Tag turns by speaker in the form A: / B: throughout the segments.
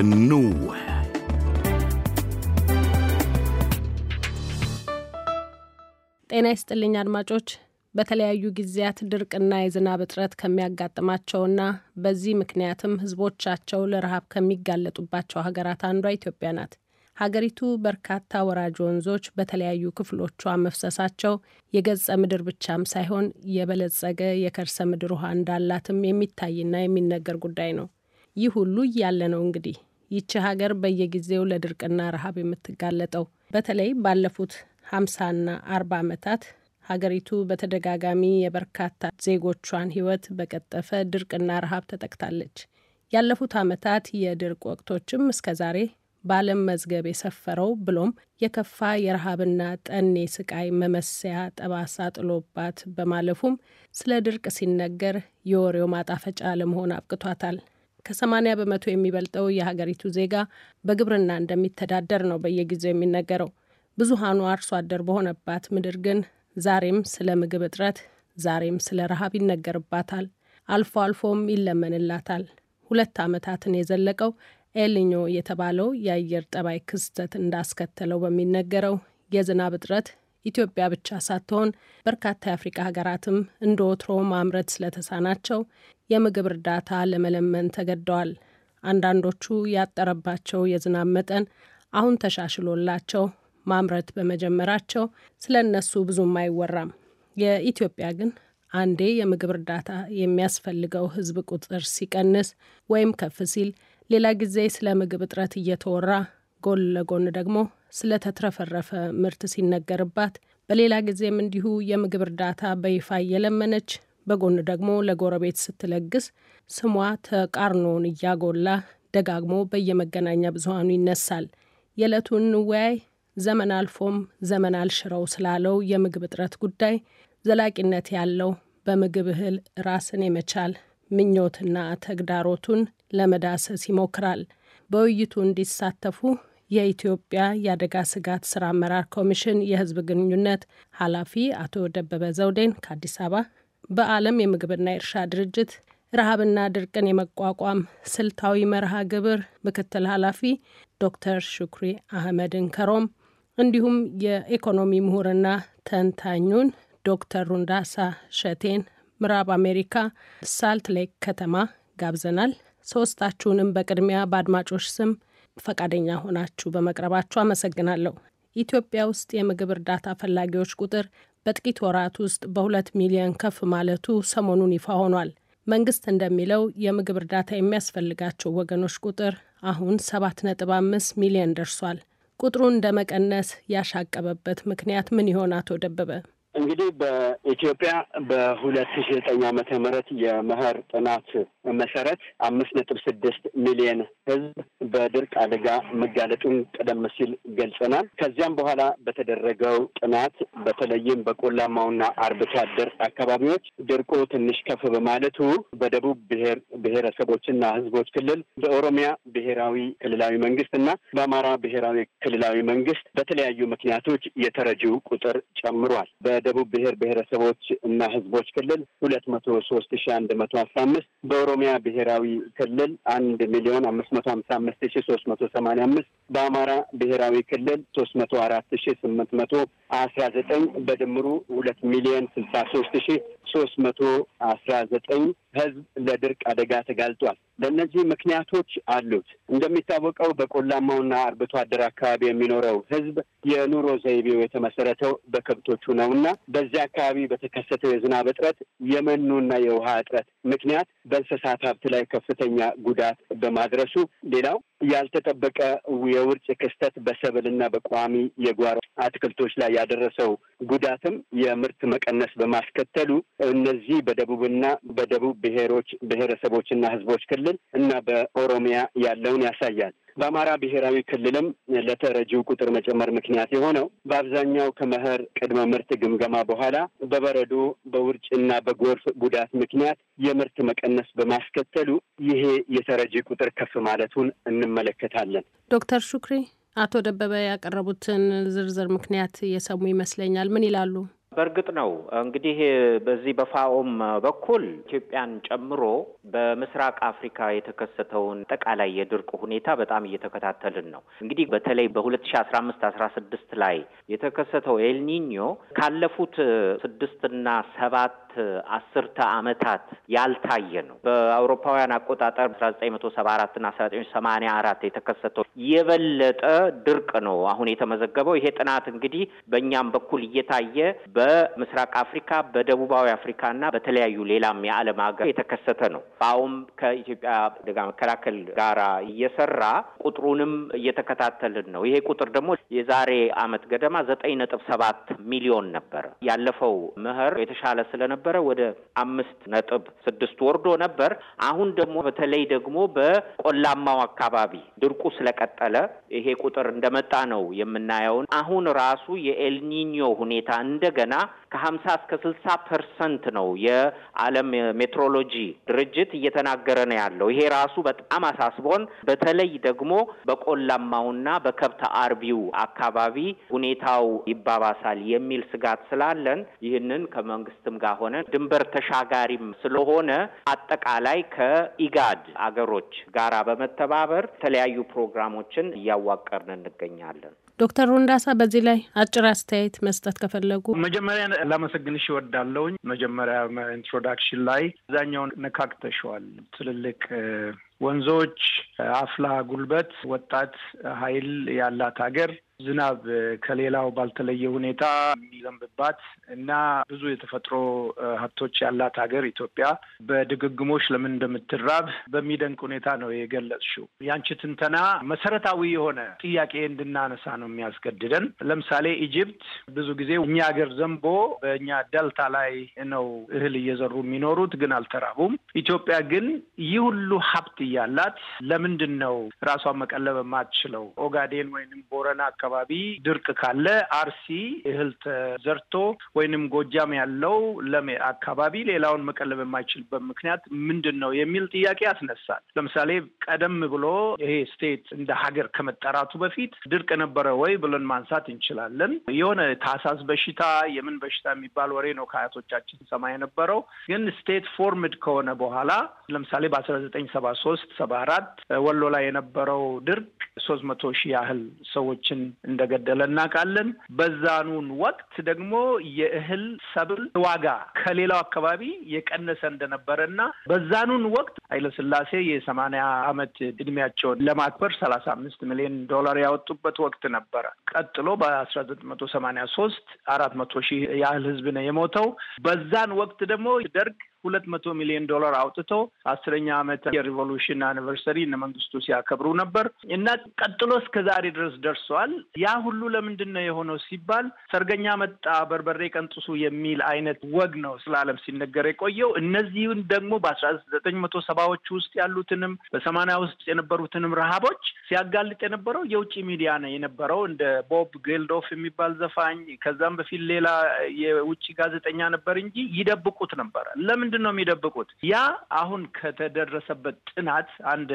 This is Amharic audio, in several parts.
A: النوح
B: ጤና ይስጥልኝ አድማጮች። በተለያዩ ጊዜያት ድርቅና የዝናብ እጥረት ከሚያጋጥማቸውና በዚህ ምክንያትም ሕዝቦቻቸው ለረሃብ ከሚጋለጡባቸው ሀገራት አንዷ ኢትዮጵያ ናት። ሀገሪቱ በርካታ ወራጅ ወንዞች በተለያዩ ክፍሎቿ መፍሰሳቸው የገጸ ምድር ብቻም ሳይሆን የበለጸገ የከርሰ ምድር ውሃ እንዳላትም የሚታይና የሚነገር ጉዳይ ነው። ይህ ሁሉ እያለ ነው እንግዲህ ይቺ ሀገር በየጊዜው ለድርቅና ረሃብ የምትጋለጠው። በተለይ ባለፉት ሀምሳና አርባ ዓመታት ሀገሪቱ በተደጋጋሚ የበርካታ ዜጎቿን ሕይወት በቀጠፈ ድርቅና ረሃብ ተጠቅታለች። ያለፉት ዓመታት የድርቅ ወቅቶችም እስከ ዛሬ በዓለም መዝገብ የሰፈረው ብሎም የከፋ የረሃብና ጠኔ ስቃይ መመሰያ ጠባሳ ጥሎባት በማለፉም ስለ ድርቅ ሲነገር የወሬው ማጣፈጫ ለመሆን አብቅቷታል። ከሰማኒያ በመቶ የሚበልጠው የሀገሪቱ ዜጋ በግብርና እንደሚተዳደር ነው በየጊዜው የሚነገረው። ብዙሃኑ አርሶ አደር በሆነባት ምድር ግን ዛሬም ስለ ምግብ እጥረት፣ ዛሬም ስለ ረሃብ ይነገርባታል። አልፎ አልፎም ይለመንላታል። ሁለት ዓመታትን የዘለቀው ኤልኞ የተባለው የአየር ጠባይ ክስተት እንዳስከተለው በሚነገረው የዝናብ እጥረት ኢትዮጵያ ብቻ ሳትሆን በርካታ የአፍሪቃ ሀገራትም እንደ ወትሮ ማምረት ስለተሳናቸው የምግብ እርዳታ ለመለመን ተገደዋል። አንዳንዶቹ ያጠረባቸው የዝናብ መጠን አሁን ተሻሽሎላቸው ማምረት በመጀመራቸው ስለ እነሱ ብዙም አይወራም። የኢትዮጵያ ግን አንዴ የምግብ እርዳታ የሚያስፈልገው ሕዝብ ቁጥር ሲቀንስ ወይም ከፍ ሲል ሌላ ጊዜ ስለ ምግብ እጥረት እየተወራ ጎን ለጎን ደግሞ ስለተትረፈረፈ ምርት ሲነገርባት፣ በሌላ ጊዜም እንዲሁ የምግብ እርዳታ በይፋ እየለመነች በጎን ደግሞ ለጎረቤት ስትለግስ ስሟ ተቃርኖውን እያጎላ ደጋግሞ በየመገናኛ ብዙሀኑ ይነሳል። የዕለቱን እንወያይ ዘመን አልፎም ዘመን አልሽረው ስላለው የምግብ እጥረት ጉዳይ ዘላቂነት ያለው በምግብ እህል ራስን የመቻል ምኞትና ተግዳሮቱን ለመዳሰስ ይሞክራል። በውይይቱ እንዲሳተፉ የኢትዮጵያ የአደጋ ስጋት ስራ አመራር ኮሚሽን የህዝብ ግንኙነት ኃላፊ አቶ ደበበ ዘውዴን ከአዲስ አበባ በዓለም የምግብና የእርሻ ድርጅት ረሃብና ድርቅን የመቋቋም ስልታዊ መርሃ ግብር ምክትል ኃላፊ ዶክተር ሹክሪ አህመድን ከሮም እንዲሁም የኢኮኖሚ ምሁርና ተንታኙን ዶክተር ሩንዳሳ ሸቴን ምዕራብ አሜሪካ ሳልት ሌክ ከተማ ጋብዘናል። ሶስታችሁንም በቅድሚያ በአድማጮች ስም ፈቃደኛ ሆናችሁ በመቅረባችሁ አመሰግናለሁ። ኢትዮጵያ ውስጥ የምግብ እርዳታ ፈላጊዎች ቁጥር በጥቂት ወራት ውስጥ በሁለት ሚሊዮን ከፍ ማለቱ ሰሞኑን ይፋ ሆኗል። መንግስት እንደሚለው የምግብ እርዳታ የሚያስፈልጋቸው ወገኖች ቁጥር አሁን 7.5 ሚሊዮን ደርሷል። ቁጥሩን እንደ መቀነስ ያሻቀበበት ምክንያት ምን ይሆን? አቶ ደበበ
C: እንግዲህ በኢትዮጵያ በሁለት ሺ ዘጠኝ ዓመተ ምህረት የመኸር ጥናት መሰረት አምስት ነጥብ ስድስት ሚሊየን ህዝብ በድርቅ አደጋ መጋለጡን ቀደም ሲል ገልጸናል። ከዚያም በኋላ በተደረገው ጥናት በተለይም በቆላማውና አርብቶ አደር አካባቢዎች ድርቁ ትንሽ ከፍ በማለቱ በደቡብ ብሔር ብሔረሰቦችና ህዝቦች ክልል በኦሮሚያ ብሔራዊ ክልላዊ መንግስት እና በአማራ ብሔራዊ ክልላዊ መንግስት በተለያዩ ምክንያቶች የተረጂው ቁጥር ጨምሯል። በደቡብ ብሔር ብሔረሰቦች እና ህዝቦች ክልል ሁለት መቶ ሶስት ሺ አንድ መቶ አስራ አምስት በኦሮሚያ ብሔራዊ ክልል አንድ ሚሊዮን አምስት መቶ ሀምሳ አምስት ሺ ሶስት መቶ ሰማኒያ አምስት በአማራ ብሔራዊ ክልል ሶስት መቶ አራት ሺ ስምንት መቶ አስራ ዘጠኝ በድምሩ ሁለት ሚሊዮን ስልሳ ሶስት ሺ ሶስት መቶ አስራ ዘጠኝ ህዝብ ለድርቅ አደጋ ተጋልጧል። ለእነዚህ ምክንያቶች አሉት። እንደሚታወቀው በቆላማውና አርብቶ አደር አካባቢ የሚኖረው ህዝብ የኑሮ ዘይቤው የተመሰረተው በከብቶቹ ነው እና በዚያ አካባቢ በተከሰተው የዝናብ እጥረት የመኖና የውሃ እጥረት ምክንያት በእንስሳት ሀብት ላይ ከፍተኛ ጉዳት በማድረሱ ሌላው ያልተጠበቀ የውርጭ ክስተት በሰብልና በቋሚ የጓሮ አትክልቶች ላይ ያደረሰው ጉዳትም የምርት መቀነስ በማስከተሉ እነዚህ በደቡብና በደቡብ ብሔሮች ብሔረሰቦችና ህዝቦች ክልል እና በኦሮሚያ ያለውን ያሳያል። በአማራ ብሔራዊ ክልልም ለተረጂው ቁጥር መጨመር ምክንያት የሆነው በአብዛኛው ከመኸር ቅድመ ምርት ግምገማ በኋላ በበረዶ በውርጭና በጎርፍ ጉዳት ምክንያት የምርት መቀነስ በማስከተሉ ይሄ የተረጂ ቁጥር ከፍ ማለቱን እንመለከታለን።
B: ዶክተር ሹክሪ አቶ ደበበ ያቀረቡትን ዝርዝር ምክንያት እየሰሙ ይመስለኛል። ምን ይላሉ?
D: በእርግጥ ነው እንግዲህ በዚህ በፋኦም በኩል ኢትዮጵያን ጨምሮ በምስራቅ አፍሪካ የተከሰተውን አጠቃላይ የድርቅ ሁኔታ በጣም እየተከታተልን ነው። እንግዲህ በተለይ በሁለት ሺ አስራ አምስት አስራ ስድስት ላይ የተከሰተው ኤልኒኞ ካለፉት ስድስትና ሰባት አስርተ ዓመታት ያልታየ ነው። በአውሮፓውያን አቆጣጠር አስራ ዘጠኝ መቶ ሰባ አራት እና አስራ ዘጠኝ ሰማኒያ አራት የተከሰተው የበለጠ ድርቅ ነው አሁን የተመዘገበው። ይሄ ጥናት እንግዲህ በእኛም በኩል እየታየ በምስራቅ አፍሪካ፣ በደቡባዊ አፍሪካ እና በተለያዩ ሌላም የዓለም ሀገር የተከሰተ ነው። አሁን ከኢትዮጵያ አደጋ መከላከል ጋራ እየሰራ ቁጥሩንም እየተከታተልን ነው። ይሄ ቁጥር ደግሞ የዛሬ ዓመት ገደማ ዘጠኝ ነጥብ ሰባት ሚሊዮን ነበረ። ያለፈው ምህር የተሻለ ስለነበ ከነበረ ወደ አምስት ነጥብ ስድስት ወርዶ ነበር። አሁን ደግሞ በተለይ ደግሞ በቆላማው አካባቢ ድርቁ ስለቀጠለ ይሄ ቁጥር እንደመጣ ነው የምናየውን። አሁን ራሱ የኤልኒኞ ሁኔታ እንደገና ከሀምሳ እስከ ስልሳ ፐርሰንት ነው የዓለም ሜትሮሎጂ ድርጅት እየተናገረ ነው ያለው። ይሄ ራሱ በጣም አሳስቦን በተለይ ደግሞ በቆላማውና በከብት አርቢው አካባቢ ሁኔታው ይባባሳል የሚል ስጋት ስላለን ይህንን ከመንግስትም ጋር ሆነ ስለሆነ ድንበር ተሻጋሪም ስለሆነ አጠቃላይ ከኢጋድ አገሮች ጋራ በመተባበር የተለያዩ ፕሮግራሞችን እያዋቀርን እንገኛለን።
B: ዶክተር ሩንዳሳ በዚህ ላይ አጭር አስተያየት መስጠት ከፈለጉ። መጀመሪያ
A: ላመሰግንሽ እወዳለሁኝ። መጀመሪያ ኢንትሮዳክሽን ላይ አብዛኛውን ነካክተሸዋል። ትልልቅ ወንዞች፣ አፍላ ጉልበት፣ ወጣት ኃይል ያላት ሀገር ዝናብ ከሌላው ባልተለየ ሁኔታ የሚዘንብባት እና ብዙ የተፈጥሮ ሀብቶች ያላት ሀገር ኢትዮጵያ በድግግሞች ለምን እንደምትራብ በሚደንቅ ሁኔታ ነው የገለጽሽው። ያንቺ ትንተና መሰረታዊ የሆነ ጥያቄ እንድናነሳ ነው የሚያስገድደን። ለምሳሌ ኢጅፕት ብዙ ጊዜ እኛ ሀገር ዘንቦ በእኛ ደልታ ላይ ነው እህል እየዘሩ የሚኖሩት፣ ግን አልተራቡም። ኢትዮጵያ ግን ይህ ሁሉ ሀብት እያላት ለምንድን ነው ራሷን መቀለብ የማትችለው? ኦጋዴን ወይንም ቦረና አካባቢ አካባቢ ድርቅ ካለ አርሲ እህል ተዘርቶ ወይንም ጎጃም ያለው ለም አካባቢ ሌላውን መቀለብ የማይችልበት ምክንያት ምንድን ነው የሚል ጥያቄ ያስነሳል። ለምሳሌ ቀደም ብሎ ይሄ ስቴት እንደ ሀገር ከመጠራቱ በፊት ድርቅ ነበረ ወይ ብለን ማንሳት እንችላለን። የሆነ ታሳስ በሽታ የምን በሽታ የሚባል ወሬ ነው ከአያቶቻችን ሰማ የነበረው። ግን ስቴት ፎርምድ ከሆነ በኋላ ለምሳሌ በአስራ ዘጠኝ ሰባ ሶስት ሰባ አራት ወሎ ላይ የነበረው ድርቅ ሶስት መቶ ሺህ ያህል ሰዎችን እንደገደለ እናውቃለን። በዛኑን ወቅት ደግሞ የእህል ሰብል ዋጋ ከሌላው አካባቢ የቀነሰ እንደነበረ እና በዛኑን ወቅት ኃይለስላሴ የሰማንያ ዓመት እድሜያቸውን ለማክበር ሰላሳ አምስት ሚሊዮን ዶላር ያወጡበት ወቅት ነበረ። ቀጥሎ በአስራ ዘጠኝ መቶ ሰማንያ ሶስት አራት መቶ ሺህ ያህል ህዝብ ነው የሞተው። በዛን ወቅት ደግሞ ደርግ ሁለት መቶ ሚሊዮን ዶላር አውጥቶ አስረኛ ዓመት የሪቮሉሽን አኒቨርሰሪ እነ መንግስቱ ሲያከብሩ ነበር እና ቀጥሎ እስከ ዛሬ ድረስ ደርሰዋል። ያ ሁሉ ለምንድን ነው የሆነው ሲባል ሰርገኛ መጣ በርበሬ ቀንጥሱ የሚል አይነት ወግ ነው ስለ ዓለም ሲነገር የቆየው። እነዚህን ደግሞ በአስራ ዘጠኝ መቶ ሰባዎች ውስጥ ያሉትንም በሰማንያ ውስጥ የነበሩትንም ረሃቦች ሲያጋልጥ የነበረው የውጭ ሚዲያ ነው የነበረው እንደ ቦብ ጌልዶፍ የሚባል ዘፋኝ ከዛም በፊት ሌላ የውጭ ጋዜጠኛ ነበር እንጂ ይደብቁት ነበረ ለምን ምንድን ነው የሚደብቁት? ያ አሁን ከተደረሰበት ጥናት አንድ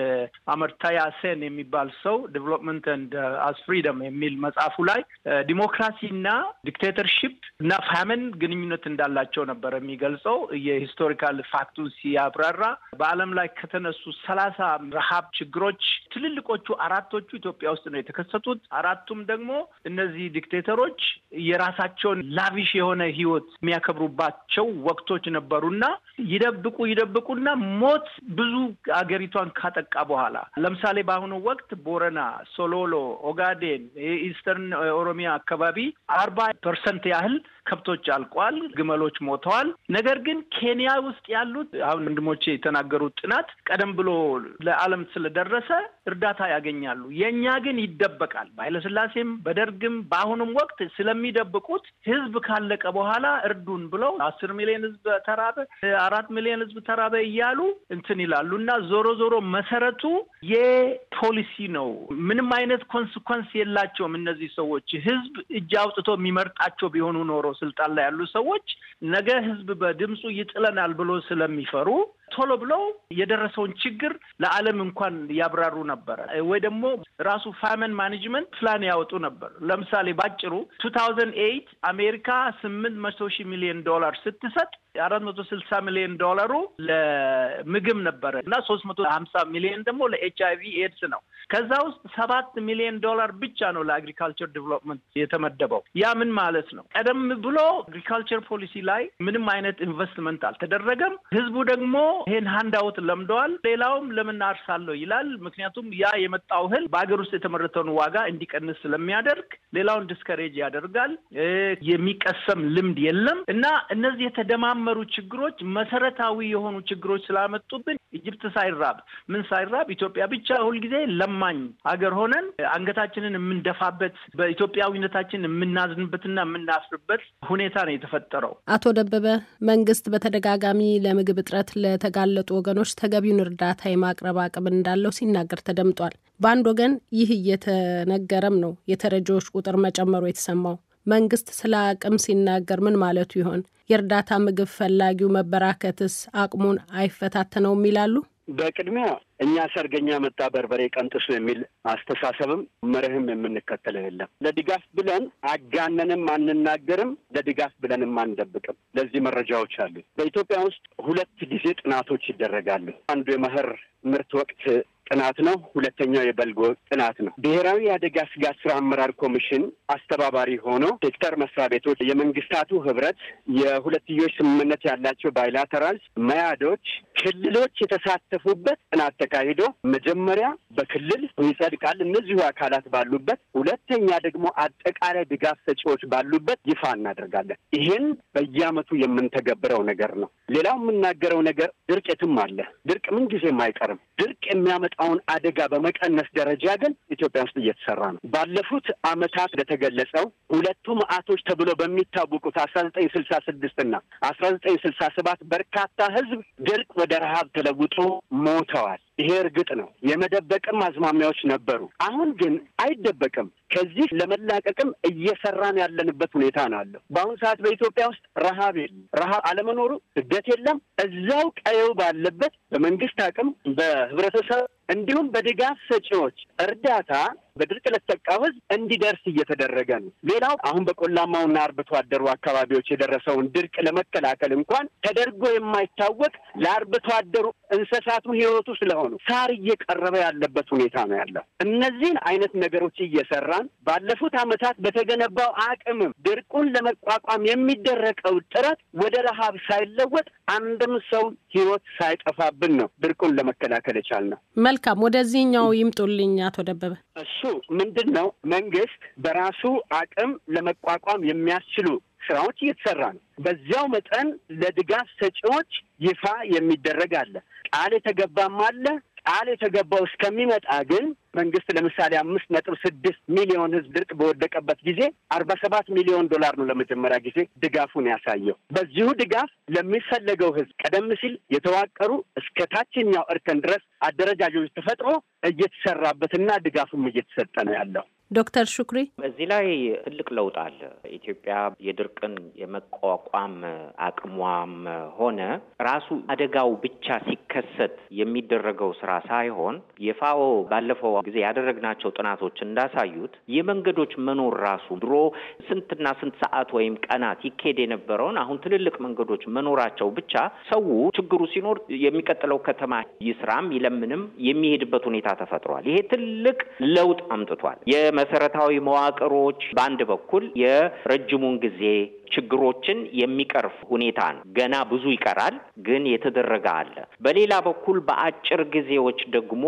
A: አመርታያ ሴን የሚባል ሰው ዴቨሎፕመንት ኤንድ አስ ፍሪደም የሚል መጽሐፉ ላይ ዲሞክራሲና ዲክቴተርሽፕ እና ፋመን ግንኙነት እንዳላቸው ነበር የሚገልጸው። የሂስቶሪካል ፋክቱን ሲያብራራ በዓለም ላይ ከተነሱ ሰላሳ ረሃብ ችግሮች ትልልቆቹ አራቶቹ ኢትዮጵያ ውስጥ ነው የተከሰቱት። አራቱም ደግሞ እነዚህ ዲክቴተሮች የራሳቸውን ላቪሽ የሆነ ህይወት የሚያከብሩባቸው ወቅቶች ነበሩና ይደብቁ ይደብቁና ሞት ብዙ አገሪቷን ካጠቃ በኋላ ለምሳሌ በአሁኑ ወቅት ቦረና፣ ሶሎሎ፣ ኦጋዴን፣ ኢስተርን ኦሮሚያ አካባቢ አርባ ፐርሰንት ያህል ከብቶች አልቋል፣ ግመሎች ሞተዋል። ነገር ግን ኬንያ ውስጥ ያሉት አሁን ወንድሞቼ የተናገሩት ጥናት ቀደም ብሎ ለዓለም ስለደረሰ እርዳታ ያገኛሉ። የእኛ ግን ይደበቃል። በኃይለስላሴም በደርግም በአሁኑም ወቅት ስለሚደብቁት ህዝብ ካለቀ በኋላ እርዱን ብለው አስር ሚሊዮን ህዝብ ተራበ፣ አራት ሚሊዮን ህዝብ ተራበ እያሉ እንትን ይላሉ እና ዞሮ ዞሮ መሰረቱ የፖሊሲ ነው። ምንም አይነት ኮንስኮንስ የላቸውም እነዚህ ሰዎች ህዝብ እጅ አውጥቶ የሚመርጣቸው ቢሆኑ ኖሮ ስልጣን ላይ ያሉ ሰዎች ነገ ህዝብ በድምፁ ይጥለናል ብሎ ስለሚፈሩ ቶሎ ብለው የደረሰውን ችግር ለዓለም እንኳን ያብራሩ ነበረ ወይ ደግሞ ራሱ ፋይመን ማኔጅመንት ፕላን ያወጡ ነበር። ለምሳሌ ባጭሩ ቱ ታውዘንድ ኤይት አሜሪካ ስምንት መቶ ሺህ ሚሊዮን ዶላር ስትሰጥ አራት መቶ ስልሳ ሚሊዮን ዶላሩ ለምግብ ነበረ እና ሶስት መቶ ሀምሳ ሚሊዮን ደግሞ ለኤች አይቪ ኤድስ ነው። ከዛ ውስጥ ሰባት ሚሊዮን ዶላር ብቻ ነው ለአግሪካልቸር ዲቨሎፕመንት የተመደበው። ያ ምን ማለት ነው? ቀደም ብሎ አግሪካልቸር ፖሊሲ ላይ ምንም አይነት ኢንቨስትመንት አልተደረገም። ህዝቡ ደግሞ ይሄን ሀንዳውት ለምደዋል። ሌላውም ለምን አርሳለሁ ይላል። ምክንያቱም ያ የመጣው እህል በሀገር ውስጥ የተመረተውን ዋጋ እንዲቀንስ ስለሚያደርግ ሌላውን ዲስከሬጅ ያደርጋል። የሚቀሰም ልምድ የለም እና እነዚህ የተደማመሩ ችግሮች መሰረታዊ የሆኑ ችግሮች ስላመጡብን ኢጅፕት ሳይራብ ምን ሳይራብ ኢትዮጵያ ብቻ ሁልጊዜ ለማኝ ሀገር ሆነን አንገታችንን የምንደፋበት በኢትዮጵያዊነታችን የምናዝንበትና የምናፍርበት ሁኔታ ነው የተፈጠረው።
B: አቶ ደበበ መንግስት በተደጋጋሚ ለምግብ እጥረት ለተ ለተጋለጡ ወገኖች ተገቢውን እርዳታ የማቅረብ አቅም እንዳለው ሲናገር ተደምጧል። በአንድ ወገን ይህ እየተነገረም ነው የተረጂዎች ቁጥር መጨመሩ የተሰማው። መንግስት ስለ አቅም ሲናገር ምን ማለቱ ይሆን? የእርዳታ ምግብ ፈላጊው መበራከትስ አቅሙን አይፈታተነውም ይላሉ።
C: በቅድሚያ እኛ ሰርገኛ መጣ በርበሬ ቀንጥሱ የሚል አስተሳሰብም መርህም የምንከተለው የለም። ለድጋፍ ብለን አጋነንም አንናገርም፣ ለድጋፍ ብለንም አንደብቅም። ለዚህ መረጃዎች አሉ። በኢትዮጵያ ውስጥ ሁለት ጊዜ ጥናቶች ይደረጋሉ። አንዱ የመኸር ምርት ወቅት ጥናት ነው። ሁለተኛው የበልግ ወቅት ጥናት ነው። ብሔራዊ የአደጋ ስጋት ስራ አመራር ኮሚሽን አስተባባሪ ሆኖ ሴክተር መስሪያ ቤቶች፣ የመንግስታቱ ህብረት፣ የሁለትዮሽ ስምምነት ያላቸው ባይላተራልስ፣ መያዶች፣ ክልሎች የተሳተፉበት ጥናት ተካሂዶ መጀመሪያ በክልል ይጸድቃል እነዚሁ አካላት ባሉበት፣ ሁለተኛ ደግሞ አጠቃላይ ድጋፍ ሰጪዎች ባሉበት ይፋ እናደርጋለን። ይህን በየአመቱ የምንተገብረው ነገር ነው። ሌላው የምናገረው ነገር ድርቅ የትም አለ። ድርቅ ምንጊዜም አይቀርም። ድርቅ የሚያመጣ የሚመጣውን አደጋ በመቀነስ ደረጃ ግን ኢትዮጵያ ውስጥ እየተሰራ ነው። ባለፉት አመታት እንደተገለጸው ሁለቱ መአቶች ተብሎ በሚታወቁት አስራ ዘጠኝ ስልሳ ስድስት እና አስራ ዘጠኝ ስልሳ ሰባት በርካታ ህዝብ ድርቅ ወደ ረሀብ ተለውጦ ሞተዋል። ይሄ እርግጥ ነው። የመደበቅም አዝማሚያዎች ነበሩ። አሁን ግን አይደበቅም። ከዚህ ለመላቀቅም እየሰራን ያለንበት ሁኔታ ነው አለው። በአሁኑ ሰዓት በኢትዮጵያ ውስጥ ረሃብ የለም። ረሃብ አለመኖሩ፣ ስደት የለም። እዛው ቀየው ባለበት በመንግስት አቅም በህብረተሰብ እንዲሁም በድጋፍ ሰጪዎች እርዳታ በድርቅ ለተጠቃው ህዝብ እንዲደርስ እየተደረገ ነው። ሌላው አሁን በቆላማውና አርብቶ አደሩ አካባቢዎች የደረሰውን ድርቅ ለመከላከል እንኳን ተደርጎ የማይታወቅ ለአርብቶ አደሩ እንስሳቱ ህይወቱ ስለሆኑ ሳር እየቀረበ ያለበት ሁኔታ ነው ያለው። እነዚህን አይነት ነገሮች እየሰራን ባለፉት አመታት በተገነባው አቅምም ድርቁን ለመቋቋም የሚደረገው ጥረት ወደ ረሃብ ሳይለወጥ አንድም ሰው ህይወት ሳይጠፋብን ነው ድርቁን ለመከላከል የቻልነው።
B: መልካም ወደዚህኛው ይምጡልኝ አቶ ደበበ።
C: እሱ ምንድን ነው መንግስት በራሱ አቅም ለመቋቋም የሚያስችሉ ስራዎች እየተሰራ ነው። በዚያው መጠን ለድጋፍ ሰጪዎች ይፋ የሚደረግ አለ፣ ቃል የተገባም አለ፣ ቃል የተገባው እስከሚመጣ ግን መንግስት ለምሳሌ አምስት ነጥብ ስድስት ሚሊዮን ህዝብ ድርቅ በወደቀበት ጊዜ አርባ ሰባት ሚሊዮን ዶላር ነው ለመጀመሪያ ጊዜ ድጋፉን ያሳየው። በዚሁ ድጋፍ ለሚፈለገው ህዝብ ቀደም ሲል የተዋቀሩ እስከ ታችኛው እርከን ድረስ አደረጃጆች ተፈጥሮ እየተሰራበትና ድጋፉም እየተሰጠ ነው ያለው።
B: ዶክተር ሹክሪ
D: እዚህ ላይ ትልቅ ለውጥ አለ። ኢትዮጵያ የድርቅን የመቋቋም አቅሟም ሆነ ራሱ አደጋው ብቻ ሲከሰት የሚደረገው ስራ ሳይሆን የፋኦ ባለፈው ጊዜ ያደረግናቸው ጥናቶች እንዳሳዩት የመንገዶች መኖር ራሱ ድሮ ስንትና ስንት ሰዓት ወይም ቀናት ይካሄድ የነበረውን አሁን ትልልቅ መንገዶች መኖራቸው ብቻ ሰው ችግሩ ሲኖር የሚቀጥለው ከተማ ይስራም ይለምንም የሚሄድበት ሁኔታ ተፈጥሯል። ይሄ ትልቅ ለውጥ አምጥቷል። መሰረታዊ መዋቅሮች በአንድ በኩል የረጅሙን ጊዜ ችግሮችን የሚቀርፍ ሁኔታ ነው። ገና ብዙ ይቀራል፣ ግን የተደረገ አለ። በሌላ በኩል በአጭር ጊዜዎች ደግሞ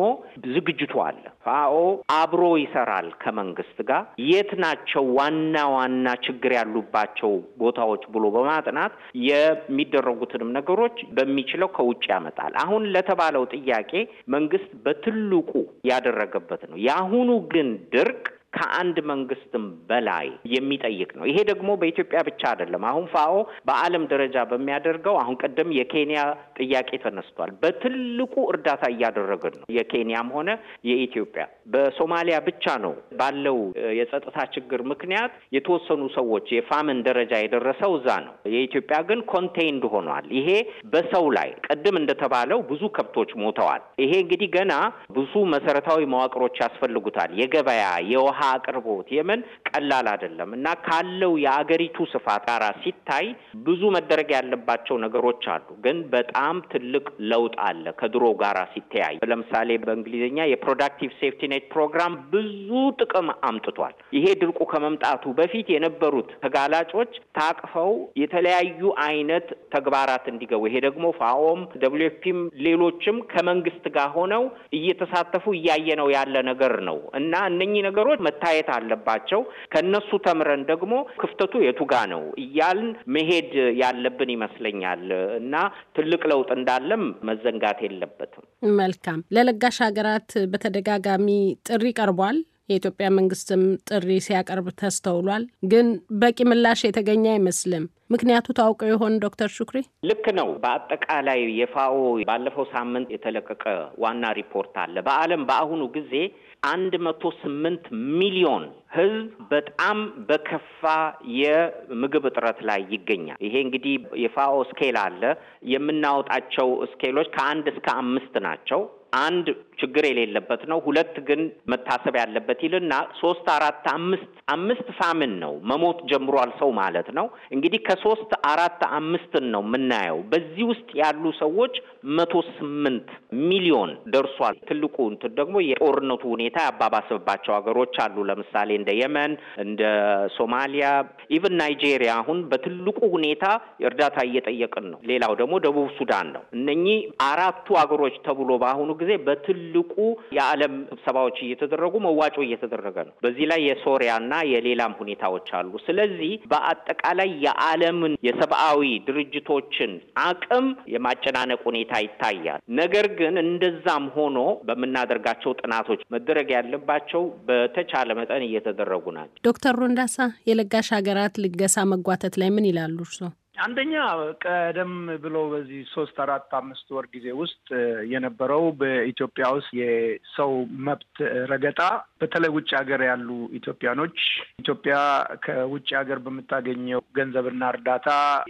D: ዝግጅቱ አለ። ፋኦ አብሮ ይሰራል ከመንግስት ጋር የት ናቸው ዋና ዋና ችግር ያሉባቸው ቦታዎች ብሎ በማጥናት የሚደረጉትንም ነገሮች በሚችለው ከውጭ ያመጣል። አሁን ለተባለው ጥያቄ መንግስት በትልቁ ያደረገበት ነው። የአሁኑ ግን ድርቅ ከአንድ መንግስትም በላይ የሚጠይቅ ነው። ይሄ ደግሞ በኢትዮጵያ ብቻ አይደለም። አሁን ፋኦ በዓለም ደረጃ በሚያደርገው አሁን ቀደም የኬንያ ጥያቄ ተነስቷል። በትልቁ እርዳታ እያደረግን ነው፣ የኬንያም ሆነ የኢትዮጵያ። በሶማሊያ ብቻ ነው ባለው የጸጥታ ችግር ምክንያት የተወሰኑ ሰዎች የፋምን ደረጃ የደረሰው እዛ ነው። የኢትዮጵያ ግን ኮንቴይንድ ሆኗል። ይሄ በሰው ላይ ቅድም እንደተባለው ብዙ ከብቶች ሞተዋል። ይሄ እንግዲህ ገና ብዙ መሰረታዊ መዋቅሮች ያስፈልጉታል። የገበያ የውሃ የውሃ አቅርቦት የመን ቀላል አይደለም እና ካለው የአገሪቱ ስፋት ጋራ ሲታይ ብዙ መደረግ ያለባቸው ነገሮች አሉ። ግን በጣም ትልቅ ለውጥ አለ ከድሮ ጋራ ሲተያይ። ለምሳሌ በእንግሊዝኛ የፕሮዳክቲቭ ሴፍቲ ኔት ፕሮግራም ብዙ ጥቅም አምጥቷል። ይሄ ድርቁ ከመምጣቱ በፊት የነበሩት ተጋላጮች ታቅፈው የተለያዩ አይነት ተግባራት እንዲገቡ ይሄ ደግሞ ፋኦም፣ ደብሊው ሌሎችም ከመንግስት ጋር ሆነው እየተሳተፉ እያየ ነው ያለ ነገር ነው እና እነኚህ ነገሮች መታየት አለባቸው። ከነሱ ተምረን ደግሞ ክፍተቱ የቱጋ ነው እያልን መሄድ ያለብን ይመስለኛል እና ትልቅ ለውጥ እንዳለም መዘንጋት የለበትም።
B: መልካም። ለለጋሽ ሀገራት በተደጋጋሚ ጥሪ ቀርቧል። የኢትዮጵያ መንግስትም ጥሪ ሲያቀርብ ተስተውሏል። ግን በቂ ምላሽ የተገኘ አይመስልም። ምክንያቱ ታውቆ የሆን ዶክተር ሹክሪ
D: ልክ ነው። በአጠቃላይ የፋኦ ባለፈው ሳምንት የተለቀቀ ዋና ሪፖርት አለ። በዓለም በአሁኑ ጊዜ አንድ መቶ ስምንት ሚሊዮን ህዝብ በጣም በከፋ የምግብ እጥረት ላይ ይገኛል። ይሄ እንግዲህ የፋኦ ስኬል አለ። የምናወጣቸው ስኬሎች ከአንድ እስከ አምስት ናቸው። አንድ ችግር የሌለበት ነው፣ ሁለት ግን መታሰብ ያለበት ይልና ሶስት አራት አምስት አምስት ሳምን ነው መሞት ጀምሯል ሰው ማለት ነው። እንግዲህ ከሶስት አራት አምስትን ነው የምናየው። በዚህ ውስጥ ያሉ ሰዎች መቶ ስምንት ሚሊዮን ደርሷል። ትልቁ እንትን ደግሞ የጦርነቱ ሁኔታ ያባባሰባቸው ሀገሮች አሉ። ለምሳሌ እንደ የመን፣ እንደ ሶማሊያ፣ ኢቨን ናይጄሪያ አሁን በትልቁ ሁኔታ እርዳታ እየጠየቅን ነው። ሌላው ደግሞ ደቡብ ሱዳን ነው። እነኚህ አራቱ ሀገሮች ተብሎ በአሁኑ ጊዜ በትልቁ የዓለም ስብሰባዎች እየተደረጉ መዋጮ እየተደረገ ነው። በዚህ ላይ የሶሪያና የሌላም ሁኔታዎች አሉ። ስለዚህ በአጠቃላይ የዓለምን የሰብአዊ ድርጅቶችን አቅም የማጨናነቅ ሁኔታ ይታያል። ነገር ግን እንደዛም ሆኖ በምናደርጋቸው ጥናቶች መደረግ ያለባቸው በተቻለ መጠን እየተደረጉ ናቸው።
B: ዶክተር ሮንዳሳ የለጋሽ ሀገራት ልገሳ መጓተት ላይ ምን ይላሉ እርስዎ?
A: አንደኛ ቀደም ብሎ በዚህ ሶስት አራት አምስት ወር ጊዜ ውስጥ የነበረው በኢትዮጵያ ውስጥ የሰው መብት ረገጣ በተለይ ውጭ ሀገር ያሉ ኢትዮጵያኖች ኢትዮጵያ ከውጭ ሀገር በምታገኘው ገንዘብና እርዳታ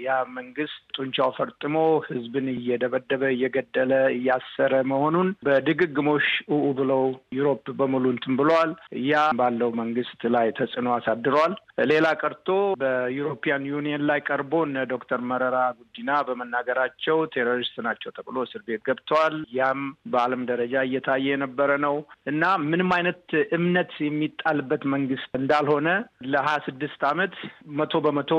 A: ያ መንግስት ጡንቻው ፈርጥሞ ህዝብን እየደበደበ እየገደለ እያሰረ መሆኑን በድግግሞሽ ኡኡ ብለው ዩሮፕ በሙሉ እንትን ብለዋል። ያ ባለው መንግስት ላይ ተጽዕኖ አሳድረዋል። ሌላ ቀርቶ በዩሮፒያን ዩኒየን ላይ ቀርቦ እነ ዶክተር መረራ ጉዲና በመናገራቸው ቴሮሪስት ናቸው ተብሎ እስር ቤት ገብተዋል። ያም በዓለም ደረጃ እየታየ የነበረ ነው እና ምንም አይነት እምነት የሚጣልበት መንግስት እንዳልሆነ ለሀያ ስድስት ዓመት መቶ በመቶ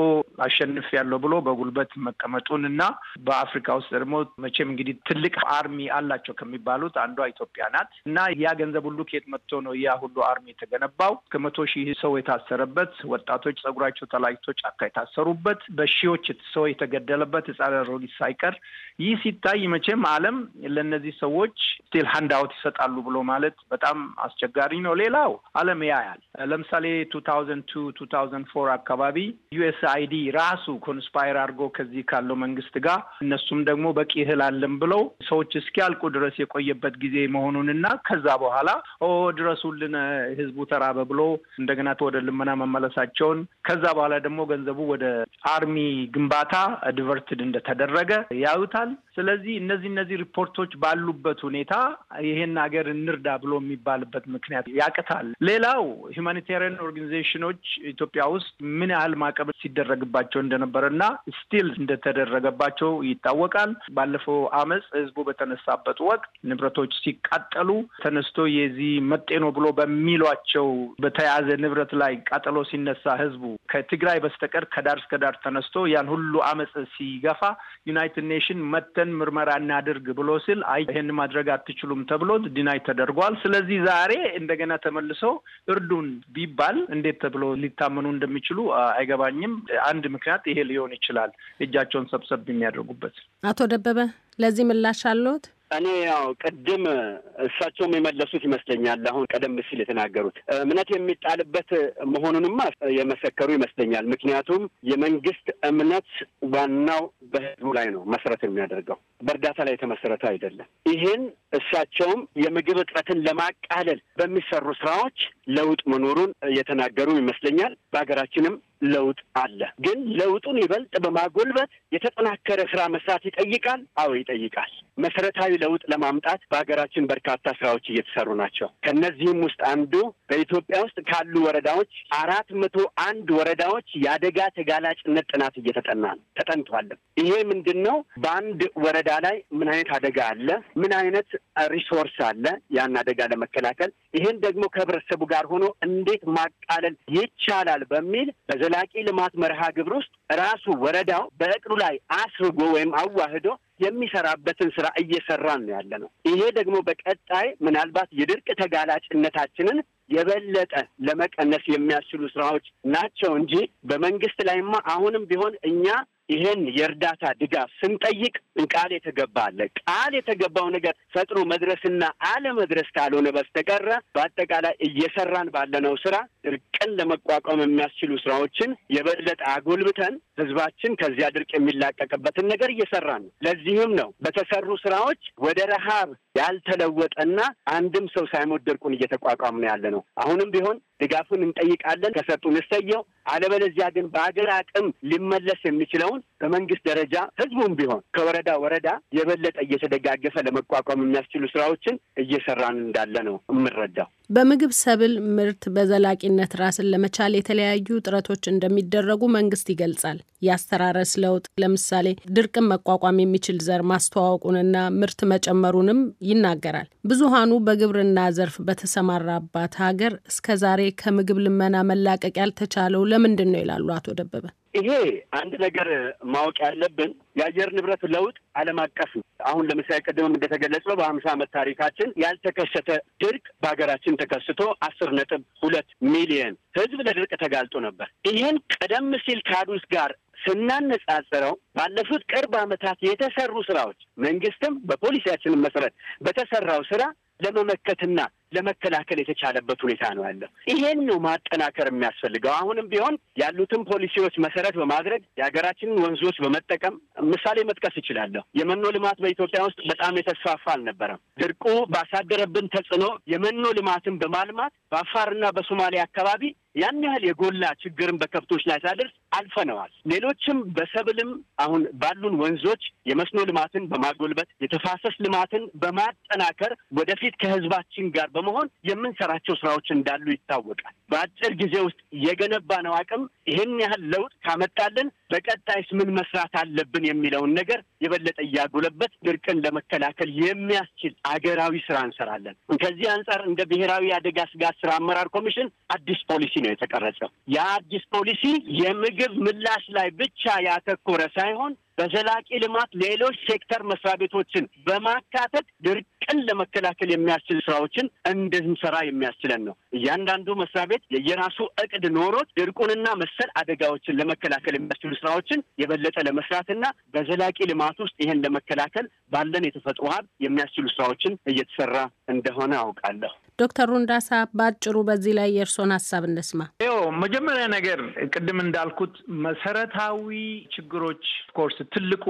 A: አሸንፍ ያለው ብሎ በጉልበት መቀመጡን እና በአፍሪካ ውስጥ ደግሞ መቼም እንግዲህ ትልቅ አርሚ አላቸው ከሚባሉት አንዷ ኢትዮጵያ ናት እና ያ ገንዘብ ሁሉ ከየት መጥቶ ነው ያ ሁሉ አርሚ የተገነባው? ከመቶ ሺህ ሰው የታሰረበት፣ ወጣቶች ጸጉራቸው ተላጭቶ ጫካ የታሰሩበት፣ በሺዎች ሰው የተገደለበት ህጻን አሮጊት ሳይቀር ይህ ሲታይ መቼም ዓለም ለእነዚህ ሰዎች ስቲል ሀንድ አውት ይሰጣሉ ብሎ ማለት በጣም አስቸጋሪ ነው። ሌላው ዓለም ያያል። ለምሳሌ ቱ ታውዘንድ ቱ ቱ ታውዘንድ ፎር አካባቢ ዩኤስ አይዲ ራሱ ኮንስፓየር አድርጎ ከዚህ ካለው መንግስት ጋር እነሱም ደግሞ በቂ እህል አለን ብለው ሰዎች እስኪያልቁ ድረስ የቆየበት ጊዜ መሆኑንና ከዛ በኋላ ኦ ድረሱልን ህዝቡ ተራበ ብሎ እንደገና ወደ ልመና መመለሳቸውን ከዛ በኋላ ደግሞ ገንዘቡ ወደ አርሚ ግንባር በእርጋታ ዲቨርትድ እንደተደረገ ያዩታል። ስለዚህ እነዚህ እነዚህ ሪፖርቶች ባሉበት ሁኔታ ይሄን ሀገር እንርዳ ብሎ የሚባልበት ምክንያት ያቅታል። ሌላው ሁማኒታሪያን ኦርጋኒዜሽኖች ኢትዮጵያ ውስጥ ምን ያህል ማዕቀብ ሲደረግባቸው እንደነበረ እና ስቲል እንደተደረገባቸው ይታወቃል። ባለፈው አመፅ ህዝቡ በተነሳበት ወቅት ንብረቶች ሲቃጠሉ ተነስቶ የዚህ መጤኖ ብሎ በሚሏቸው በተያያዘ ንብረት ላይ ቃጠሎ ሲነሳ ህዝቡ ከትግራይ በስተቀር ከዳር እስከ ዳር ተነስቶ ያን ሁሉ አመፅ ሲገፋ ዩናይትድ ኔሽን መተ መተን ምርመራ እናድርግ ብሎ ሲል አይ ይህን ማድረግ አትችሉም ተብሎ ዲናይ ተደርጓል። ስለዚህ ዛሬ እንደገና ተመልሰው እርዱን ቢባል እንዴት ተብሎ ሊታመኑ እንደሚችሉ አይገባኝም። አንድ ምክንያት ይሄ ሊሆን ይችላል እጃቸውን ሰብሰብ የሚያደርጉበት።
B: አቶ ደበበ ለዚህ ምላሽ አለት?
A: እኔ ያው ቅድም
C: እሳቸውም የመለሱት ይመስለኛል። አሁን ቀደም ሲል የተናገሩት እምነት የሚጣልበት መሆኑንማ የመሰከሩ ይመስለኛል። ምክንያቱም የመንግስት እምነት ዋናው በህዝቡ ላይ ነው መሰረት የሚያደርገው በእርዳታ ላይ የተመሰረተ አይደለም። ይህን እሳቸውም የምግብ እጥረትን ለማቃለል በሚሰሩ ስራዎች ለውጥ መኖሩን የተናገሩ ይመስለኛል። በሀገራችንም ለውጥ አለ። ግን ለውጡን ይበልጥ በማጎልበት የተጠናከረ ስራ መስራት ይጠይቃል። አዎ ይጠይቃል። መሰረታዊ ለውጥ ለማምጣት በሀገራችን በርካታ ስራዎች እየተሰሩ ናቸው። ከእነዚህም ውስጥ አንዱ በኢትዮጵያ ውስጥ ካሉ ወረዳዎች አራት መቶ አንድ ወረዳዎች የአደጋ ተጋላጭነት ጥናት እየተጠና ነው ተጠንቷልም። ይሄ ምንድን ነው? በአንድ ወረዳ ላይ ምን አይነት አደጋ አለ? ምን አይነት ሪሶርስ አለ? ያን አደጋ ለመከላከል ይህን ደግሞ ከህብረተሰቡ ጋር ሆኖ እንዴት ማቃለል ይቻላል በሚል በዘ ዘላቂ ልማት መርሃ ግብር ውስጥ ራሱ ወረዳው በእቅዱ ላይ አስርጎ ወይም አዋህዶ የሚሰራበትን ስራ እየሰራን ነው ያለ ነው። ይሄ ደግሞ በቀጣይ ምናልባት የድርቅ ተጋላጭነታችንን የበለጠ ለመቀነስ የሚያስችሉ ስራዎች ናቸው እንጂ በመንግስት ላይማ አሁንም ቢሆን እኛ ይህን የእርዳታ ድጋፍ ስንጠይቅ ቃል የተገባ አለ። ቃል የተገባው ነገር ፈጥኖ መድረስና አለመድረስ ካልሆነ በስተቀረ በአጠቃላይ እየሰራን ባለነው ስራ ድርቅን ለመቋቋም የሚያስችሉ ስራዎችን የበለጠ አጎልብተን ህዝባችን ከዚያ ድርቅ የሚላቀቅበትን ነገር እየሰራን ነው። ለዚህም ነው በተሰሩ ስራዎች ወደ ረሃብ ያልተለወጠና አንድም ሰው ሳይሞት ድርቁን እየተቋቋም ነው ያለ ነው። አሁንም ቢሆን ድጋፉን እንጠይቃለን። ከሰጡን እሰየው። አለበለዚያ ግን በአገር አቅም ሊመለስ የሚችለውን በመንግስት ደረጃ ህዝቡም ቢሆን ከወረዳ ወረዳ የበለጠ እየተደጋገፈ ለመቋቋም የሚያስችሉ ስራዎችን እየሰራን እንዳለ ነው የምንረዳው።
B: በምግብ ሰብል ምርት በዘላቂነት ራስን ለመቻል የተለያዩ ጥረቶች እንደሚደረጉ መንግስት ይገልጻል። የአስተራረስ ለውጥ ለምሳሌ ድርቅን መቋቋም የሚችል ዘር ማስተዋወቁንና ምርት መጨመሩንም ይናገራል። ብዙሃኑ በግብርና ዘርፍ በተሰማራባት ሀገር እስከዛሬ ከምግብ ልመና መላቀቅ ያልተቻለው ለምንድን ነው ይላሉ አቶ ደበበ።
C: ይሄ አንድ ነገር ማወቅ ያለብን የአየር ንብረት ለውጥ ዓለም አቀፍ ነው። አሁን ለምሳሌ ቅድምም እንደተገለጸው በሀምሳ ዓመት ታሪካችን ያልተከሰተ ድርቅ በሀገራችን ተከስቶ አስር ነጥብ ሁለት ሚሊየን ህዝብ ለድርቅ ተጋልጦ ነበር። ይህን ቀደም ሲል ካዱስ ጋር ስናነጻጽረው ባለፉት ቅርብ ዓመታት የተሰሩ ስራዎች መንግስትም በፖሊሲያችንም መሰረት በተሰራው ስራ ለመመከትና ለመከላከል የተቻለበት ሁኔታ ነው ያለው። ይሄን ነው ማጠናከር የሚያስፈልገው። አሁንም ቢሆን ያሉትን ፖሊሲዎች መሰረት በማድረግ የሀገራችንን ወንዞች በመጠቀም ምሳሌ መጥቀስ እችላለሁ። የመኖ ልማት በኢትዮጵያ ውስጥ በጣም የተስፋፋ አልነበረም። ድርቁ ባሳደረብን ተጽዕኖ የመኖ ልማትን በማልማት በአፋርና በሶማሌ አካባቢ ያን ያህል የጎላ ችግርን በከብቶች ላይ ሳደርስ አልፈነዋል። ሌሎችም በሰብልም አሁን ባሉን ወንዞች የመስኖ ልማትን በማጎልበት የተፋሰስ ልማትን በማጠናከር ወደፊት ከህዝባችን ጋር በመሆን የምንሰራቸው ስራዎች እንዳሉ ይታወቃል። በአጭር ጊዜ ውስጥ የገነባነው አቅም ይህን ያህል ለውጥ ካመጣልን በቀጣይስ ምን መስራት አለብን የሚለውን ነገር የበለጠ እያጎለበት ድርቅን ለመከላከል የሚያስችል አገራዊ ስራ እንሰራለን። ከዚህ አንጻር እንደ ብሔራዊ አደጋ ስጋት ስራ አመራር ኮሚሽን አዲስ ፖሊሲ ነው የተቀረጸው። ያ አዲስ ፖሊሲ የምግ የግብ ምላሽ ላይ ብቻ ያተኮረ ሳይሆን በዘላቂ ልማት ሌሎች ሴክተር መስሪያ ቤቶችን በማካተት ድርቅን ለመከላከል የሚያስችል ስራዎችን እንድንሰራ የሚያስችለን ነው። እያንዳንዱ መስሪያ ቤት የየራሱ እቅድ ኖሮት ድርቁንና መሰል አደጋዎችን ለመከላከል የሚያስችሉ ስራዎችን የበለጠ ለመስራትና በዘላቂ ልማት ውስጥ ይህን ለመከላከል ባለን የተፈጥሮ ሀብት የሚያስችሉ ስራዎችን እየተሰራ
A: እንደሆነ አውቃለሁ።
B: ዶክተር ሩንዳሳ በአጭሩ በዚህ ላይ የእርስዎን ሀሳብ እንስማ።
A: ው መጀመሪያ ነገር ቅድም እንዳልኩት መሰረታዊ ችግሮች ኮርስ ትልቁ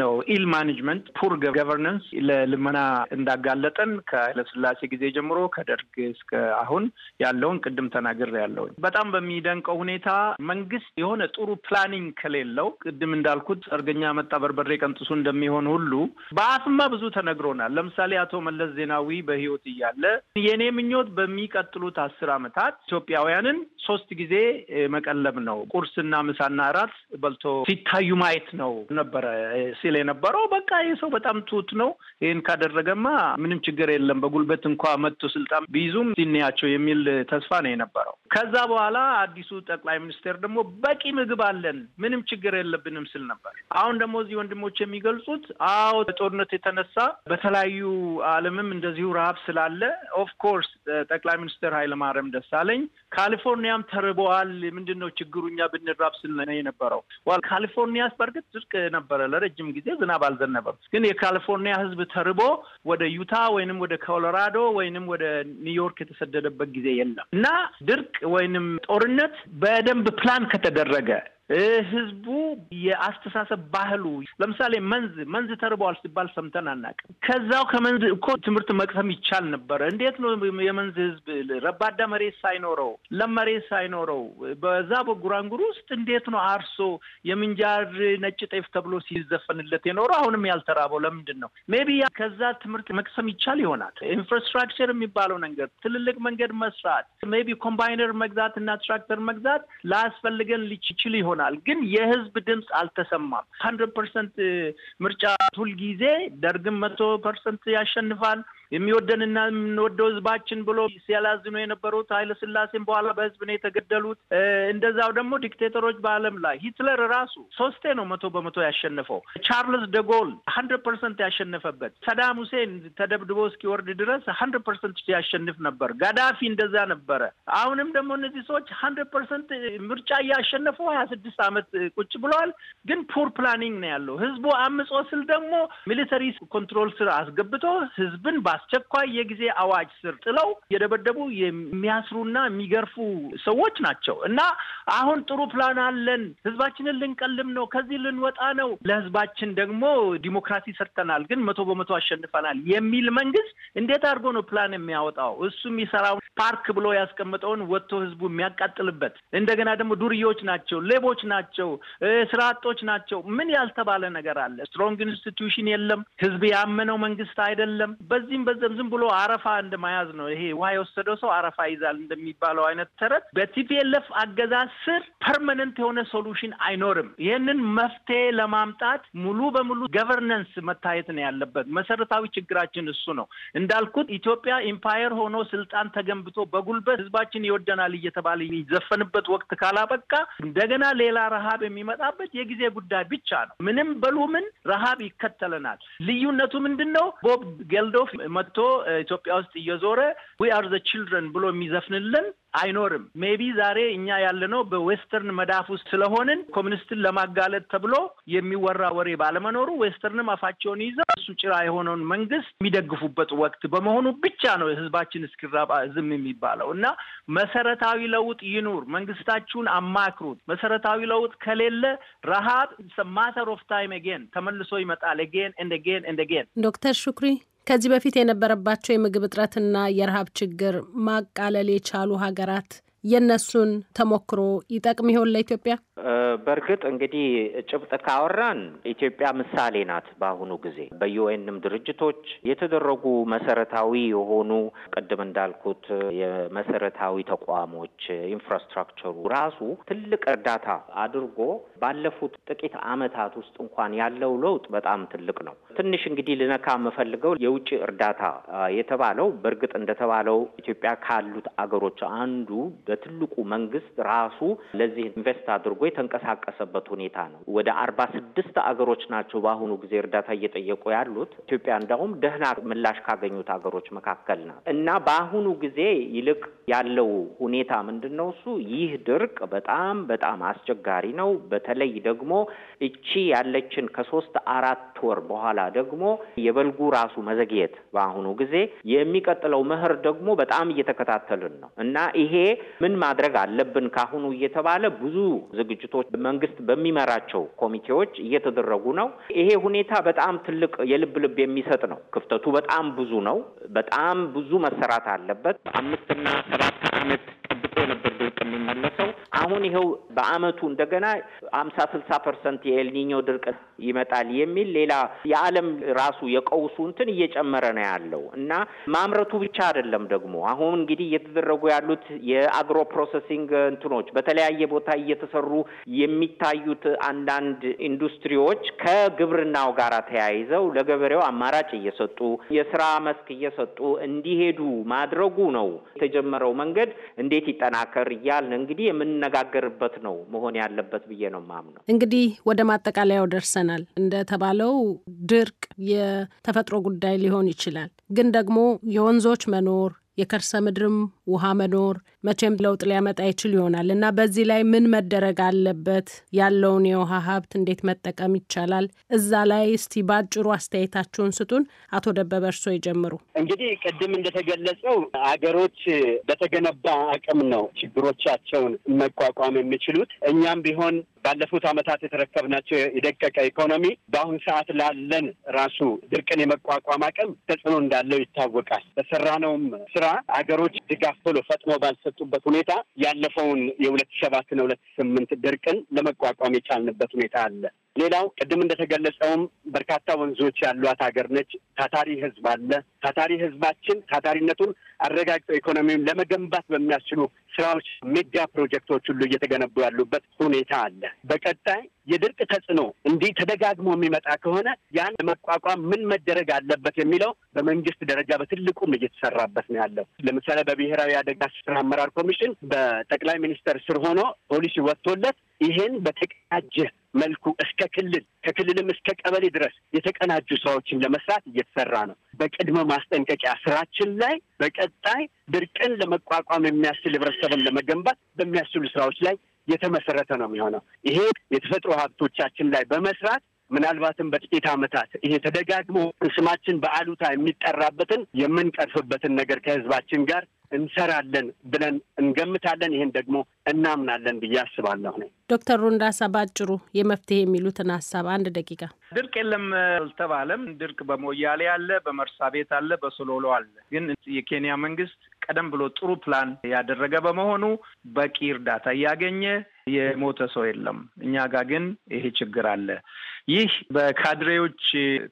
A: ነው ኢል ማኔጅመንት ፑር ገቨርነንስ ለልመና እንዳጋለጠን ከኃይለስላሴ ጊዜ ጀምሮ ከደርግ እስከ አሁን ያለውን ቅድም ተናግር ያለውን በጣም በሚደንቀው ሁኔታ መንግስት የሆነ ጥሩ ፕላኒንግ ከሌለው ቅድም እንዳልኩት ሰርገኛ መጣ በርበሬ ቀንጥሱ እንደሚሆን ሁሉ በአፍማ ብዙ ተነግሮናል። ለምሳሌ አቶ መለስ ዜናዊ በህይወት እያለ የኔ ምኞት በሚቀጥሉት አስር ዓመታት ኢትዮጵያውያንን ሶስት ጊዜ መቀለብ ነው። ቁርስና ምሳና እራት በልቶ ሲታዩ ማየት ነው ነበረ ሲል የነበረው በቃ ይህ ሰው በጣም ትሁት ነው። ይህን ካደረገማ ምንም ችግር የለም፣ በጉልበት እንኳ መጥቶ ስልጣን ቢይዙም ሲንያቸው የሚል ተስፋ ነው የነበረው። ከዛ በኋላ አዲሱ ጠቅላይ ሚኒስቴር ደግሞ በቂ ምግብ አለን፣ ምንም ችግር የለብንም ስል ነበር። አሁን ደግሞ እዚህ ወንድሞች የሚገልጹት አዎ ጦርነት የተነሳ በተለያዩ ዓለምም እንደዚሁ ረሀብ ስላለ ኦፍኮርስ ኦፍኮርስ ጠቅላይ ሚኒስትር ኃይለማርያም ደሳለኝ ካሊፎርኒያም ተርበዋል፣ ምንድን ነው ችግሩ እኛ ብንራብ ስል ነው የነበረው። ካሊፎርኒያ በእርግጥ ድርቅ ነበረ ለረጅም ጊዜ ዝናብ አልዘነበም። ግን የካሊፎርኒያ ህዝብ ተርቦ ወደ ዩታ ወይንም ወደ ኮሎራዶ ወይንም ወደ ኒውዮርክ የተሰደደበት ጊዜ የለም እና ድርቅ ወይንም ጦርነት በደንብ ፕላን ከተደረገ ህዝቡ የአስተሳሰብ ባህሉ ለምሳሌ መንዝ መንዝ ተርበዋል ሲባል ሰምተን አናውቅም። ከዛው ከመንዝ እኮ ትምህርት መቅሰም ይቻል ነበረ። እንዴት ነው የመንዝ ህዝብ ረባዳ መሬት ሳይኖረው ለመሬት ሳይኖረው በዛ በጉራንጉር ውስጥ እንዴት ነው አርሶ የምንጃር ነጭ ጤፍ ተብሎ ሲዘፈንለት የኖረው አሁንም ያልተራበው ለምንድን ነው? ሜቢ ከዛ ትምህርት መቅሰም ይቻል ይሆናል። ኢንፍራስትራክቸር የሚባለው ነገር ትልልቅ መንገድ መስራት፣ ሜቢ ኮምባይነር መግዛት እና ትራክተር መግዛት ላያስፈልገን ሊችል ይሆናል ይሆናል። ግን የህዝብ ድምፅ አልተሰማም። ሀንድረድ ፐርሰንት ምርጫ ሁልጊዜ ደርግም መቶ ፐርሰንት ያሸንፋል የሚወደንና የምንወደው ህዝባችን ብሎ ሲያላዝኑ የነበሩት ስላሴን በኋላ በህዝብ ነው የተገደሉት። እንደዛው ደግሞ ዲክቴተሮች በዓለም ላይ ሂትለር ራሱ ሶስቴ ነው መቶ በመቶ ያሸነፈው። ቻርልስ ደጎል ሀንድረድ ፐርሰንት ያሸነፈበት፣ ሰዳም ሁሴን ተደብድቦ እስኪወርድ ድረስ ሀንድረድ ፐርሰንት ሲያሸንፍ ነበር። ጋዳፊ እንደዛ ነበረ። አሁንም ደግሞ እነዚህ ሰዎች ሀንድረድ ፐርሰንት ምርጫ እያሸነፉ ሀያ ስድስት ዓመት ቁጭ ብለዋል። ግን ፑር ፕላኒንግ ነው ያለው። ህዝቡ አምጾ ስል ደግሞ ሚሊተሪ ኮንትሮል ስር አስገብቶ ህዝብን በአስቸኳይ የጊዜ አዋጅ ስር ጥለው የደበደቡ የሚያስሩና የሚገርፉ ሰዎች ናቸው እና አሁን ጥሩ ፕላን አለን፣ ህዝባችንን ልንቀልም ነው፣ ከዚህ ልንወጣ ነው፣ ለህዝባችን ደግሞ ዲሞክራሲ ሰርተናል፣ ግን መቶ በመቶ አሸንፈናል የሚል መንግስት እንዴት አድርጎ ነው ፕላን የሚያወጣው? እሱ የሚሰራውን ፓርክ ብሎ ያስቀምጠውን ወጥቶ ህዝቡ የሚያቃጥልበት እንደገና ደግሞ ዱርዮች ናቸው፣ ሌቦች ናቸው፣ ስራ አጦች ናቸው። ምን ያልተባለ ነገር አለ? ስትሮንግ ኢንስቲትዩሽን የለም። ህዝብ ያመነው መንግስት አይደለም። በዚህም በዘም ዝም ብሎ አረፋ እንደመያዝ ነው። ይሄ ውሃ የወሰደው ሰው አረፋ ይዛል እንደሚባለው አይነት ተረት በቲፒኤልኤፍ አገዛዝ ስር ፐርማነንት የሆነ ሶሉሽን አይኖርም። ይህንን መፍትሄ ለማምጣት ሙሉ በሙሉ ገቨርነንስ መታየት ነው ያለበት። መሰረታዊ ችግራችን እሱ ነው። እንዳልኩት ኢትዮጵያ ኢምፓየር ሆኖ ስልጣን ተገንብቶ በጉልበት ህዝባችን ይወደናል እየተባለ የሚዘፈንበት ወቅት ካላበቃ እንደገና ሌላ ረሃብ የሚመጣበት የጊዜ ጉዳይ ብቻ ነው። ምንም በሉ ምን ረሃብ ይከተለናል። ልዩነቱ ምንድን ነው? ቦብ ጌልዶፍ መጥቶ ኢትዮጵያ ውስጥ እየዞረ ዊ አር ዘ ችልድረን ብሎ የሚዘፍንልን አይኖርም። ሜቢ ዛሬ እኛ ያለነው በዌስተርን መዳፍ ውስጥ ስለሆንን ኮሚኒስትን ለማጋለጥ ተብሎ የሚወራ ወሬ ባለመኖሩ ዌስተርንም አፋቸውን ይዘው እሱ ጭራ የሆነውን መንግስት የሚደግፉበት ወቅት በመሆኑ ብቻ ነው ህዝባችን እስኪራባ ዝም የሚባለው እና መሰረታዊ ለውጥ ይኑር። መንግስታችሁን አማክሩት። መሰረታዊ ለውጥ ከሌለ ረሃብ ማተር ኦፍ ታይም ጌን ተመልሶ ይመጣል። ጌን እንደ ጌን እንደ ጌን
B: ዶክተር ሹክሪ ከዚህ በፊት የነበረባቸው የምግብ እጥረትና የረሃብ ችግር ማቃለል የቻሉ ሀገራት የእነሱን ተሞክሮ ይጠቅም ይሆን ለኢትዮጵያ?
D: በእርግጥ እንግዲህ ጭብጥ ካወራን ኢትዮጵያ ምሳሌ ናት። በአሁኑ ጊዜ በዩኤንም ድርጅቶች የተደረጉ መሰረታዊ የሆኑ ቅድም እንዳልኩት የመሰረታዊ ተቋሞች ኢንፍራስትራክቸሩ ራሱ ትልቅ እርዳታ አድርጎ ባለፉት ጥቂት ዓመታት ውስጥ እንኳን ያለው ለውጥ በጣም ትልቅ ነው። ትንሽ እንግዲህ ልነካ የምፈልገው የውጭ እርዳታ የተባለው በእርግጥ እንደተባለው ኢትዮጵያ ካሉት አገሮች አንዱ ትልቁ መንግስት ራሱ ለዚህ ኢንቨስት አድርጎ የተንቀሳቀሰበት ሁኔታ ነው። ወደ አርባ ስድስት አገሮች ናቸው በአሁኑ ጊዜ እርዳታ እየጠየቁ ያሉት። ኢትዮጵያ እንዳውም ደህና ምላሽ ካገኙት አገሮች መካከል ናት እና በአሁኑ ጊዜ ይልቅ ያለው ሁኔታ ምንድን ነው? እሱ ይህ ድርቅ በጣም በጣም አስቸጋሪ ነው። በተለይ ደግሞ እቺ ያለችን ከሶስት አራት ወር በኋላ ደግሞ የበልጉ ራሱ መዘግየት በአሁኑ ጊዜ የሚቀጥለው መኸር ደግሞ በጣም እየተከታተልን ነው እና ይሄ ምን ማድረግ አለብን ካሁኑ እየተባለ ብዙ ዝግጅቶች መንግስት በሚመራቸው ኮሚቴዎች እየተደረጉ ነው። ይሄ ሁኔታ በጣም ትልቅ የልብ ልብ የሚሰጥ ነው። ክፍተቱ በጣም ብዙ ነው። በጣም ብዙ መሰራት አለበት። አምስትና ሰባት ዓመት ጠብቆ የነበር ድርቅ የሚመለሰው አሁን ይኸው በአመቱ እንደገና አምሳ ስልሳ ፐርሰንት የኤልኒኞ ድርቅ ይመጣል የሚል ሌላ የዓለም ራሱ የቀውሱ እንትን እየጨመረ ነው ያለው እና ማምረቱ ብቻ አይደለም ደግሞ አሁን እንግዲህ እየተደረጉ ያሉት የአግሮ ፕሮሰሲንግ እንትኖች በተለያየ ቦታ እየተሰሩ የሚታዩት አንዳንድ ኢንዱስትሪዎች ከግብርናው ጋር ተያይዘው ለገበሬው አማራጭ እየሰጡ የስራ መስክ እየሰጡ እንዲሄዱ ማድረጉ ነው የተጀመረው መንገድ እንዴት እንዴት ይጠናከር እያልን እንግዲህ የምንነጋገርበት ነው መሆን ያለበት ብዬ ነው ማምነው።
B: እንግዲህ ወደ ማጠቃለያው ደርሰናል። እንደተባለው ድርቅ የተፈጥሮ ጉዳይ ሊሆን ይችላል፣ ግን ደግሞ የወንዞች መኖር የከርሰ ምድርም ውሃ መኖር መቼም ለውጥ ሊያመጣ ይችል ይሆናል እና በዚህ ላይ ምን መደረግ አለበት? ያለውን የውሃ ሀብት እንዴት መጠቀም ይቻላል? እዛ ላይ እስቲ ባጭሩ አስተያየታችሁን ስጡን። አቶ ደበበ እርሶ ይጀምሩ።
C: እንግዲህ ቅድም እንደተገለጸው አገሮች በተገነባ አቅም ነው ችግሮቻቸውን መቋቋም የሚችሉት። እኛም ቢሆን ባለፉት ዓመታት የተረከብናቸው የደቀቀ ኢኮኖሚ በአሁን ሰዓት ላለን ራሱ ድርቅን የመቋቋም አቅም ተጽዕኖ እንዳለው ይታወቃል። በሰራነውም ስራ አገሮች ድጋፍ ቶሎ ፈጥኖ ባልሰጡበት ሁኔታ ያለፈውን የሁለት ሰባት ሁለት ስምንት ድርቅን ለመቋቋም የቻልንበት ሁኔታ አለ። ሌላው ቅድም እንደተገለጸውም በርካታ ወንዞች ያሏት ሀገር ነች። ታታሪ ህዝብ አለ። ታታሪ ህዝባችን ታታሪነቱን አረጋግጦ ኢኮኖሚውን ለመገንባት በሚያስችሉ ስራዎች ሜጋ ፕሮጀክቶች ሁሉ እየተገነቡ ያሉበት ሁኔታ አለ። በቀጣይ የድርቅ ተጽዕኖ እንዲህ ተደጋግሞ የሚመጣ ከሆነ ያን ለመቋቋም ምን መደረግ አለበት የሚለው በመንግስት ደረጃ በትልቁም እየተሰራበት ነው ያለው። ለምሳሌ በብሔራዊ አደጋ ስራ አመራር ኮሚሽን በጠቅላይ ሚኒስተር ስር ሆኖ ፖሊሲ ወጥቶለት ይሄን በተቀናጀ መልኩ እስከ ክልል ከክልልም እስከ ቀበሌ ድረስ የተቀናጁ ስራዎችን ለመስራት እየተሰራ ነው። በቅድመ ማስጠንቀቂያ ስራችን ላይ በቀጣይ ድርቅን ለመቋቋም የሚያስችል ህብረተሰብን ለመገንባት በሚያስችሉ ስራዎች ላይ የተመሰረተ ነው የሚሆነው። ይሄ የተፈጥሮ ሀብቶቻችን ላይ በመስራት ምናልባትም በጥቂት ዓመታት ይሄ ተደጋግሞ ስማችን በአሉታ የሚጠራበትን የምንቀርፍበትን ነገር ከህዝባችን ጋር እንሰራለን ብለን እንገምታለን። ይህን ደግሞ እናምናለን
B: ብዬ
A: አስባለሁ። ነ
B: ዶክተር ሩንዳሳ ባጭሩ የመፍትሄ የሚሉትን ሀሳብ አንድ ደቂቃ።
A: ድርቅ የለም አልተባለም። ድርቅ በሞያሌ አለ፣ በመርሳ ቤት አለ፣ በሶሎሎ አለ። ግን የኬንያ መንግስት ቀደም ብሎ ጥሩ ፕላን ያደረገ በመሆኑ በቂ እርዳታ እያገኘ የሞተ ሰው የለም። እኛ ጋር ግን ይሄ ችግር አለ። ይህ በካድሬዎች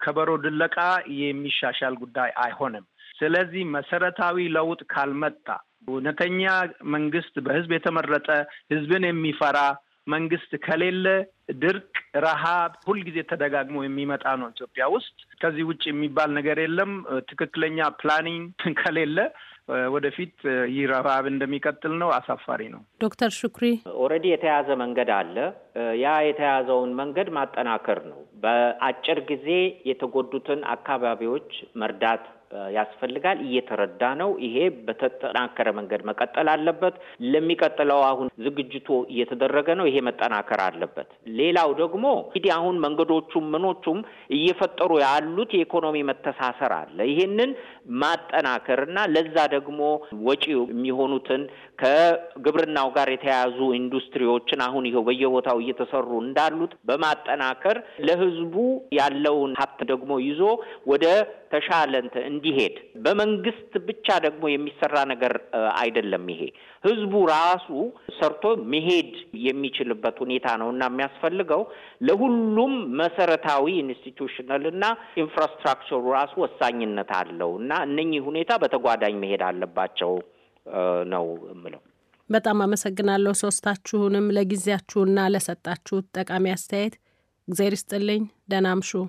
A: ከበሮ ድለቃ የሚሻሻል ጉዳይ አይሆንም። ስለዚህ መሰረታዊ ለውጥ ካልመጣ እውነተኛ መንግስት በህዝብ የተመረጠ ህዝብን የሚፈራ መንግስት ከሌለ ድርቅ፣ ረሃብ ሁልጊዜ ተደጋግሞ የሚመጣ ነው ኢትዮጵያ ውስጥ። ከዚህ ውጭ የሚባል ነገር የለም። ትክክለኛ ፕላኒንግ
D: ከሌለ ወደፊት ይህ ረሃብ እንደሚቀጥል ነው። አሳፋሪ ነው።
B: ዶክተር ሹክሪ
D: ኦልሬዲ የተያዘ መንገድ አለ። ያ የተያዘውን መንገድ ማጠናከር ነው። በአጭር ጊዜ የተጎዱትን አካባቢዎች መርዳት ያስፈልጋል። እየተረዳ ነው። ይሄ በተጠናከረ መንገድ መቀጠል አለበት። ለሚቀጥለው አሁን ዝግጅቱ እየተደረገ ነው። ይሄ መጠናከር አለበት። ሌላው ደግሞ እንግዲህ አሁን መንገዶቹም ምኖቹም እየፈጠሩ ያሉት የኢኮኖሚ መተሳሰር አለ። ይሄንን ማጠናከር እና ለዛ ደግሞ ወጪ የሚሆኑትን ከግብርናው ጋር የተያያዙ ኢንዱስትሪዎችን አሁን ይኸው በየቦታው እየተሰሩ እንዳሉት በማጠናከር ለህዝቡ ያለውን ሀብት ደግሞ ይዞ ወደ የተሻለ እንዲሄድ በመንግስት ብቻ ደግሞ የሚሰራ ነገር አይደለም። ይሄ ህዝቡ ራሱ ሰርቶ መሄድ የሚችልበት ሁኔታ ነው እና የሚያስፈልገው ለሁሉም መሰረታዊ ኢንስቲቱሽናል እና ኢንፍራስትራክቸሩ ራሱ ወሳኝነት አለው እና እነኚህ ሁኔታ በተጓዳኝ መሄድ አለባቸው ነው የምለው።
B: በጣም አመሰግናለሁ ሶስታችሁንም ለጊዜያችሁና ለሰጣችሁት ጠቃሚ አስተያየት። እግዜር ይስጥልኝ። ደህና አምሹ።